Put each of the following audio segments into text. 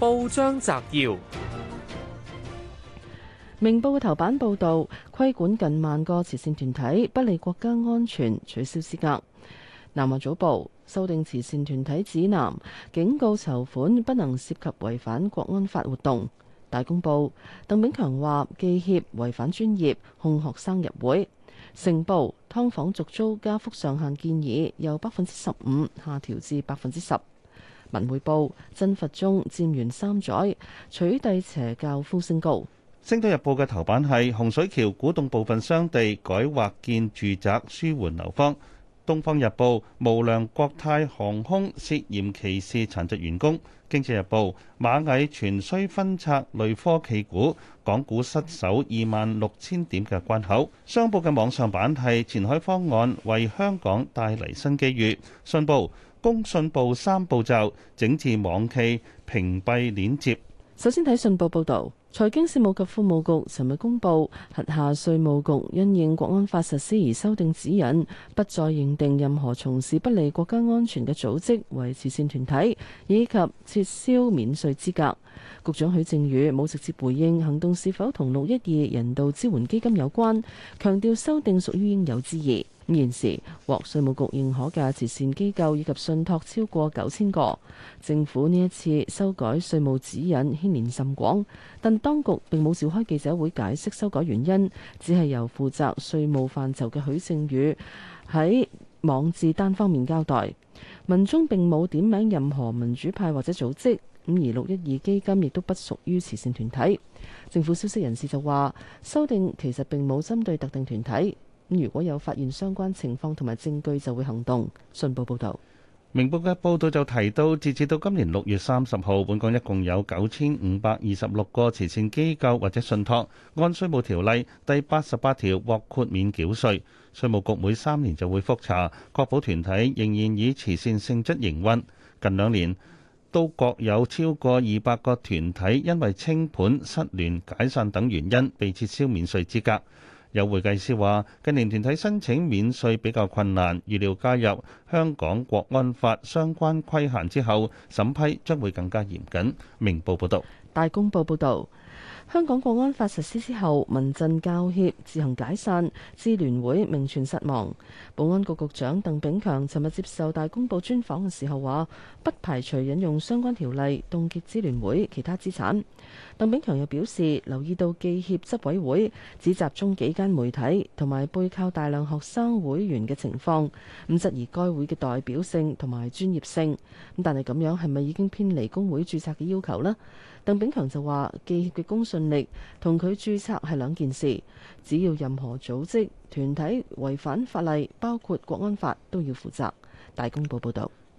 報章摘要：明報嘅頭版報道，規管近萬個慈善團體不利國家安全，取消資格。南華早報修訂慈善團體指南，警告籌款不能涉及違反國安法活動。大公報鄧炳強話記協違反專業，控學生入會。成報劏房續租加幅上限建議由百分之十五下調至百分之十。文匯報：真佛宗佔完三載，取締邪教呼聲高。星島日報嘅頭版係洪水橋古洞部分商地改劃建住宅，舒緩樓荒。東方日報：無良國泰航空涉嫌歧視殘疾員工。經濟日報：螞蟻全需分拆，類科企股，港股失守二萬六千點嘅關口。商報嘅網上版係前海方案為香港帶嚟新機遇。信報。工信部三步驟整治網企、屏蔽鏈接。首先睇信報報道，財經事務及庫務局尋日公布，轄下稅務局因應國安法實施而修訂指引，不再認定任何從事不利國家安全嘅組織為慈善團體以及撤銷免稅資格。局長許正宇冇直接回應行動是否同六一二人道支援基金有關，強調修訂屬於應有之義。現時獲稅務局認可嘅慈善機構以及信託超過九千個。政府呢一次修改稅務指引牽連甚廣，但當局並冇召開記者會解釋修改原因，只係由負責稅務範疇嘅許正宇喺網誌單方面交代。文中並冇點名任何民主派或者組織。咁而六一二基金亦都不屬於慈善團體。政府消息人士就話，修訂其實並冇針對特定團體。如果有發現相關情況同埋證據，就會行動。信報報道。明報嘅報道就提到，截至到今年六月三十號，本港一共有九千五百二十六個慈善機構或者信託，按稅務條例第八十八條獲豁免繳稅。稅務局每三年就會覆查，確保團體仍然以慈善性質營運。近兩年都各有超過二百個團體因為清盤、失聯、解散等原因被撤銷免稅資格。有會計師話：近年團體申請免稅比較困難，預料加入香港國安法相關規限之後，審批將會更加嚴謹。明報報道。大公報報道。香港國安法實施之後，民陣教協自行解散，支聯會名存實亡。保安局局長鄧炳強尋日接受大公報專訪嘅時候話，不排除引用相關條例凍結支聯會其他資產。鄧炳強又表示，留意到記協執委會只集中幾間媒體同埋背靠大量學生會員嘅情況，咁質疑該會嘅代表性同埋專業性。咁但係咁樣係咪已經偏離工會註冊嘅要求呢？鄧炳強就話：記協嘅公信力同佢註冊係兩件事，只要任何組織、團體違反法例，包括國安法，都要負責。大公報報道。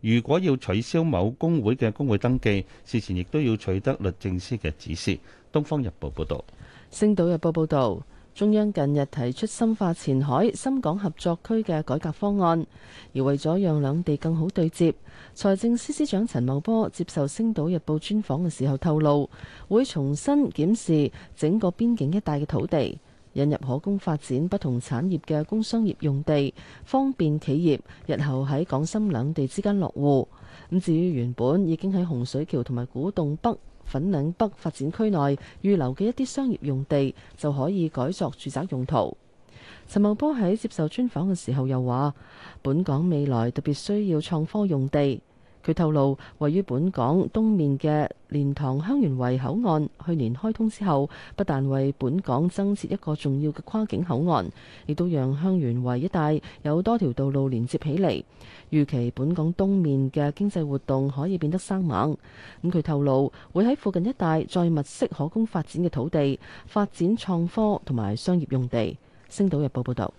如果要取消某工會嘅工會登記，事前亦都要取得律政司嘅指示。東方日報報道，星島日報報道，中央近日提出深化前海深港合作區嘅改革方案，而為咗讓兩地更好對接，財政司司長陳茂波接受星島日報專訪嘅時候透露，會重新檢視整個邊境一帶嘅土地。引入可供發展不同產業嘅工商業用地，方便企業日後喺港深兩地之間落戶。咁至於原本已經喺洪水橋同埋古洞北粉嶺北發展區內預留嘅一啲商業用地，就可以改作住宅用途。陳茂波喺接受專訪嘅時候又話，本港未來特別需要創科用地。佢透露，位於本港東面嘅蓮塘香園圍口岸去年開通之後，不但為本港增設一個重要嘅跨境口岸，亦都讓香園圍一帶有多條道路連接起嚟，預期本港東面嘅經濟活動可以變得生猛。咁佢透露，會喺附近一帶再物色可供發展嘅土地，發展創科同埋商業用地。星島日報報道。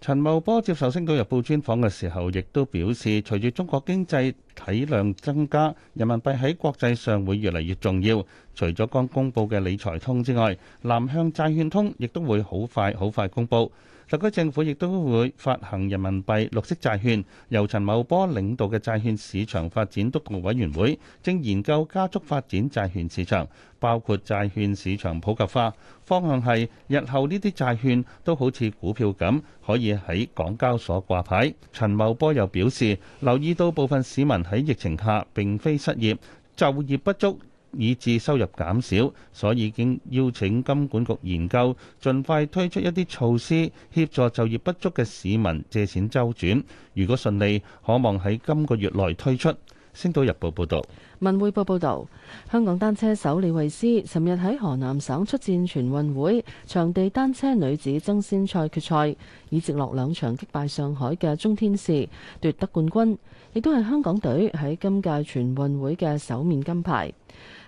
陳茂波接受《星島日報》專訪嘅時候，亦都表示，隨住中國經濟體量增加，人民幣喺國際上會越嚟越重要。除咗剛公佈嘅理財通之外，南向債券通亦都會好快好快公佈。特區政府亦都會發行人民幣綠色債券，由陳茂波領導嘅債券市場發展督導委員會正研究加速發展債券市場，包括債券市場普及化。方向係，日後呢啲債券都好似股票咁，可以喺港交所掛牌。陳茂波又表示，留意到部分市民喺疫情下並非失業，就業不足，以致收入減少，所以已經邀請金管局研究，盡快推出一啲措施協助就業不足嘅市民借錢周轉。如果順利，可望喺今個月內推出。星島日報報道。文匯報報道，香港單車手李慧詩尋日喺河南省出戰全運會場地單車女子爭先賽決賽，以直落兩場擊敗上海嘅鍾天使奪得冠軍，亦都係香港隊喺今屆全運會嘅首面金牌。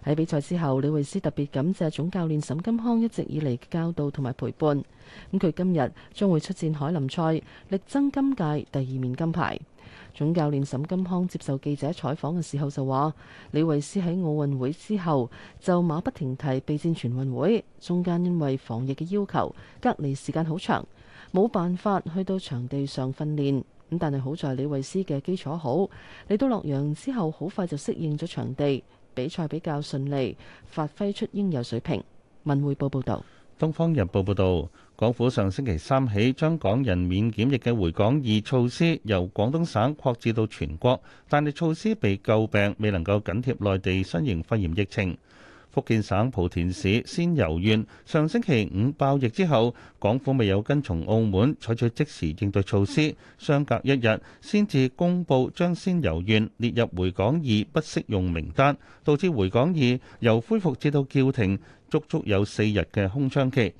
喺比賽之後，李慧詩特別感謝總教練沈金康一直以嚟嘅教導同埋陪伴。咁佢今日將會出戰凱林賽，力爭今屆第二面金牌。總教練沈金康接受記者採訪嘅時候就話：李慧詩喺奧運會之後就馬不停蹄備戰全運會，中間因為防疫嘅要求隔離時間好長，冇辦法去到場地上訓練。咁但係好在李慧詩嘅基礎好，嚟到洛陽之後，好快就適應咗場地。比賽比較順利，發揮出應有水平。文匯報報道：《東方日報》報道，港府上星期三起將港人免檢疫嘅回港易措施由廣東省擴至到全國，但係措施被詬病，未能夠緊貼內地新型肺炎疫情。福建省莆田市仙遊縣上星期五爆疫之後，港府未有跟從澳門採取即時應對措施，相隔一日先至公佈將仙遊縣列入回港二不適用名單，導致回港二由恢復至到叫停，足足有四日嘅空窗期。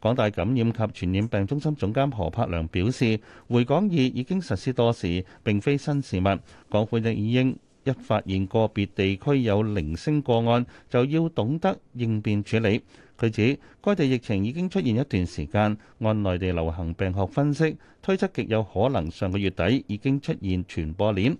港大感染及傳染病中心總監何柏良表示，回港二已經實施多時，並非新事物，港府亦已應。一發現個別地區有零星個案，就要懂得應變處理。佢指該地疫情已經出現一段時間，按內地流行病學分析，推測極有可能上個月底已經出現傳播鏈。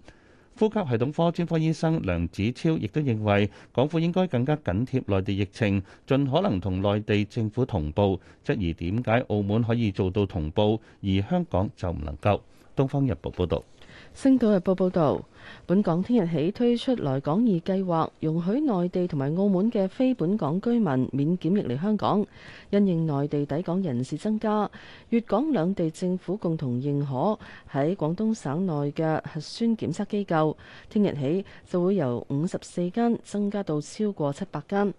呼吸系統科專科醫生梁子超亦都認為，港府應該更加緊貼內地疫情，盡可能同內地政府同步。質疑點解澳門可以做到同步，而香港就唔能夠。《東方日報》報導。星島日報報道，本港聽日起推出來港易計劃，容許內地同埋澳門嘅非本港居民免檢疫嚟香港。因應內地抵港人士增加，粵港兩地政府共同認可喺廣東省內嘅核酸檢測機構，聽日起就會由五十四間增加到超過七百間。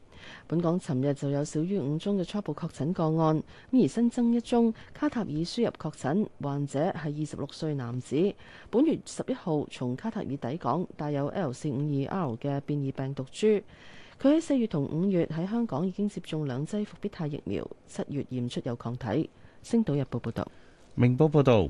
本港尋日就有少於五宗嘅初步確診個案，咁而新增一宗卡塔爾輸入確診患者係二十六歲男子，本月十一號從卡塔爾抵港，帶有 L452R 嘅變異病毒株。佢喺四月同五月喺香港已經接種兩劑復必泰疫苗，七月驗出有抗體。星島日報報道。明報報道。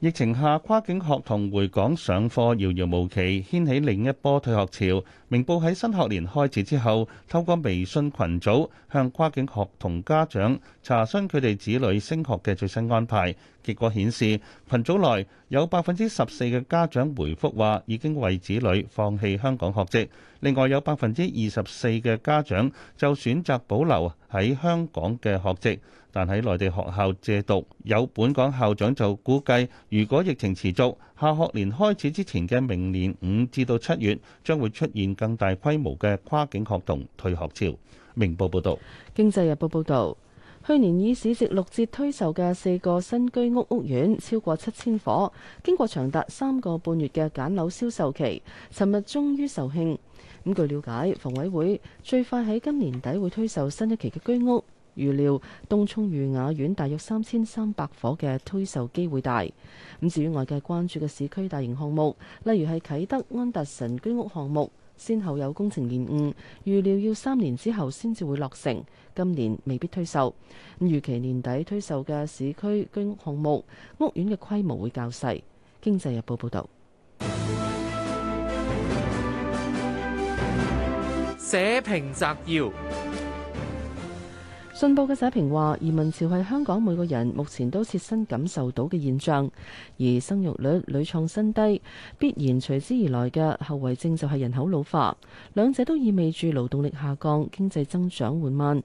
疫情下跨境學童回港上課遙遙無期，掀起另一波退學潮。明報喺新學年開始之後，透過微信群組向跨境學童家長查詢佢哋子女升學嘅最新安排，結果顯示群組內有百分之十四嘅家長回覆話已經為子女放棄香港學籍。另外有百分之二十四嘅家長就選擇保留喺香港嘅學籍，但喺內地學校借讀。有本港校長就估計，如果疫情持續，下學年開始之前嘅明年五至到七月將會出現更大規模嘅跨境學童退學潮。明報報導。《經濟日報》報導，去年以市值六折推售嘅四個新居屋屋苑超過七千伙，經過長達三個半月嘅揀樓銷售期，尋日終於售罄。咁據了解，房委會最快喺今年底會推售新一期嘅居屋。預料東涌裕雅苑大約三千三百伙嘅推售機會大。咁至於外界關注嘅市區大型項目，例如係啟德安達臣居屋項目，先後有工程延誤，預料要三年之後先至會落成，今年未必推售。咁預期年底推售嘅市區居，居屋項目，屋苑嘅規模會較細。經濟日報報導。社評摘要：信報嘅社評話，移民潮係香港每個人目前都切身感受到嘅現象，而生育率屢創新低，必然隨之而來嘅後遺症就係人口老化，兩者都意味住勞動力下降、經濟增長緩慢，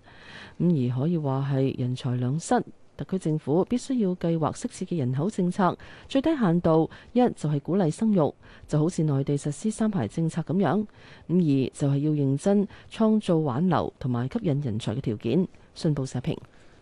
咁而可以話係人才兩失。特區政府必須要計劃適時嘅人口政策，最低限度一就係鼓勵生育，就好似內地實施三孩政策咁樣；五二就係要認真創造挽留同埋吸引人才嘅條件。信報社評，《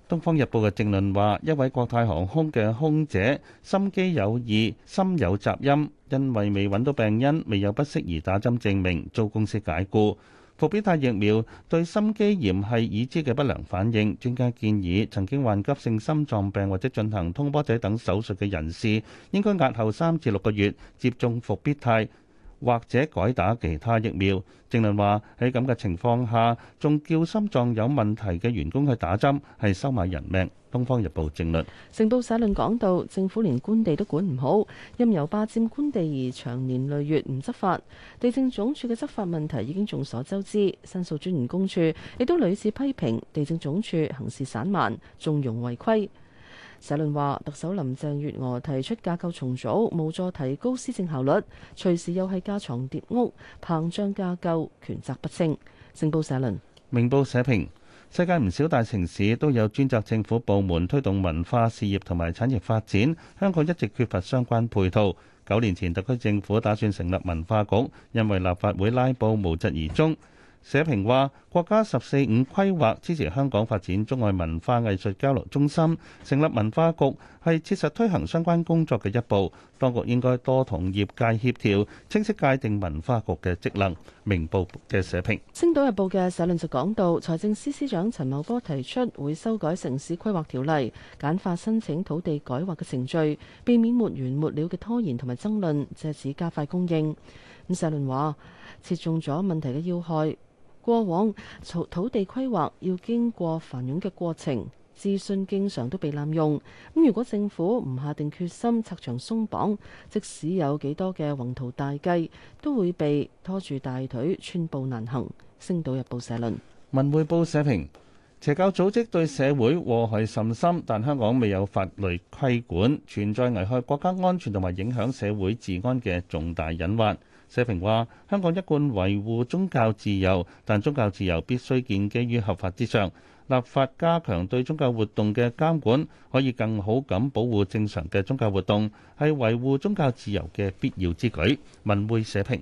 東方日報》嘅政論話：一位國泰航空嘅空姐心機有異、心有雜音，因為未揾到病因，未有不適宜打針證明，遭公司解雇。復必泰疫苗對心肌炎係已知嘅不良反應，專家建議，曾經患急性心臟病或者進行通波仔等手術嘅人士，應該押後三至六個月接種復必泰。或者改打其他疫苗。正論話喺咁嘅情況下，仲叫心臟有問題嘅員工去打針，係收買人命。《東方日報》正論，成報社論講到政府連官地都管唔好，任由霸佔官地而長年累月唔執法。地政總署嘅執法問題已經眾所周知，申訴專員公署亦都屢次批評地政總署行事散漫、縱容違規。社論話，特首林鄭月娥提出架構重組，無助提高施政效率，隨時又係架床疊屋，膨脹架構，權責不清。星報社論。明報社評：世界唔少大城市都有專責政府部門推動文化事業同埋產業發展，香港一直缺乏相關配套。九年前，特區政府打算成立文化局，因為立法會拉布無疾而終。社評話：國家十四五規劃支持香港發展中外文化藝術交流中心，成立文化局係切實推行相關工作嘅一步。當局應該多同業界協調，清晰界定文化局嘅職能。明報嘅社評，《星島日報》嘅社論就講到，財政司司長陳茂波提出會修改城市規劃條例，簡化申請土地改劃嘅程序，避免沒完沒了嘅拖延同埋爭論，藉此加快供應。咁社論話切中咗問題嘅要害。過往土土地規劃要經過繁瑣嘅過程，資訊經常都被濫用。咁如果政府唔下定決心拆牆鬆綁，即使有幾多嘅宏圖大計，都會被拖住大腿，寸步難行。星島日報社論，文匯報社評：邪教組織對社會禍害甚深，但香港未有法律規管，存在危害國家安全同埋影響社會治安嘅重大隱患。社評話：香港一貫維護宗教自由，但宗教自由必須建基於合法之上。立法加強對宗教活動嘅監管，可以更好咁保護正常嘅宗教活動，係維護宗教自由嘅必要之舉。文匯社評。